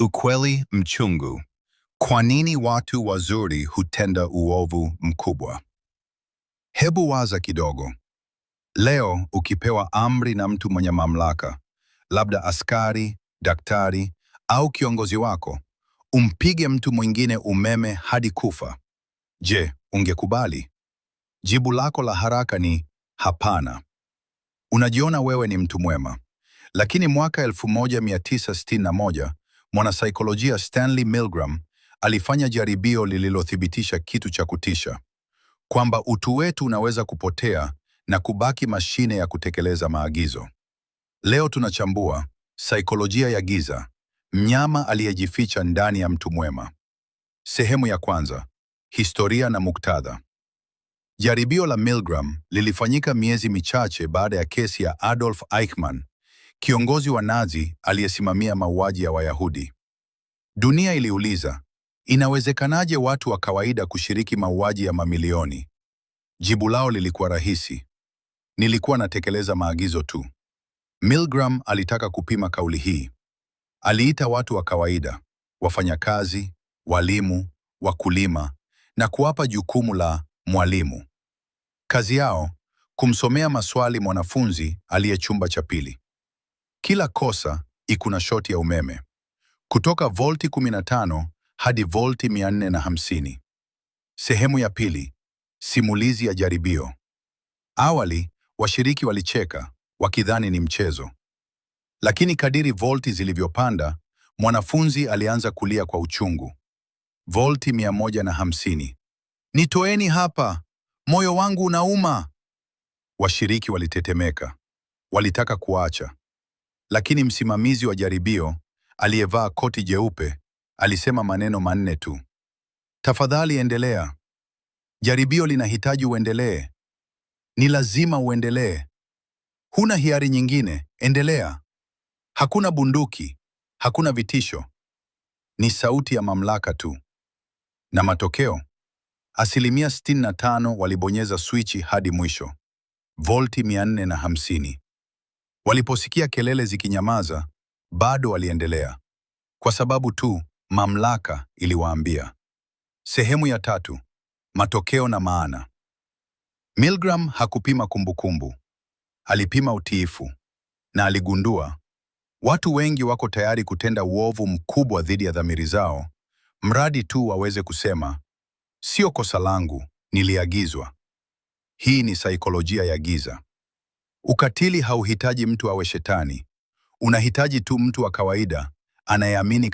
Ukweli mchungu. Kwa nini watu wazuri hutenda uovu mkubwa? Hebu waza kidogo. Leo ukipewa amri na mtu mwenye mamlaka, labda askari, daktari au kiongozi wako, umpige mtu mwingine umeme hadi kufa. Je, ungekubali? Jibu lako la haraka ni hapana. Unajiona wewe ni mtu mwema. Lakini mwaka 1961 Mwanasaikolojia Stanley Milgram alifanya jaribio lililothibitisha kitu cha kutisha, kwamba utu wetu unaweza kupotea na kubaki mashine ya kutekeleza maagizo. Leo tunachambua saikolojia ya giza, mnyama aliyejificha ndani ya mtu mwema. Sehemu ya kwanza, historia na muktadha. Jaribio la Milgram lilifanyika miezi michache baada ya kesi ya Adolf Eichmann kiongozi wa Nazi aliyesimamia mauaji ya Wayahudi. Dunia iliuliza, inawezekanaje watu wa kawaida kushiriki mauaji ya mamilioni? Jibu lao lilikuwa rahisi. Nilikuwa natekeleza maagizo tu. Milgram alitaka kupima kauli hii. Aliita watu wa kawaida, wafanyakazi, walimu, wakulima na kuwapa jukumu la mwalimu. Kazi yao kumsomea maswali mwanafunzi aliye chumba cha pili. Kila kosa ikuna shoti ya umeme kutoka volti 15 hadi volti 450. Sehemu ya pili: simulizi ya jaribio. Awali washiriki walicheka wakidhani ni mchezo, lakini kadiri volti zilivyopanda, mwanafunzi alianza kulia kwa uchungu. Volti 150. Nitoeni hapa, moyo wangu unauma! Washiriki walitetemeka, walitaka kuacha, lakini msimamizi wa jaribio aliyevaa koti jeupe alisema maneno manne tu: tafadhali endelea. Jaribio linahitaji uendelee, ni lazima uendelee. Huna hiari nyingine, endelea. Hakuna bunduki, hakuna vitisho, ni sauti ya mamlaka tu. Na matokeo, asilimia 65 walibonyeza swichi hadi mwisho, volti 450. Waliposikia kelele zikinyamaza, bado waliendelea, kwa sababu tu mamlaka iliwaambia. Sehemu ya tatu: matokeo na maana. Milgram hakupima kumbukumbu, alipima utiifu, na aligundua watu wengi wako tayari kutenda uovu mkubwa dhidi ya dhamiri zao, mradi tu waweze kusema, sio kosa langu, niliagizwa. Hii ni saikolojia ya giza. Ukatili hauhitaji mtu awe shetani, unahitaji tu mtu wa kawaida anayeamini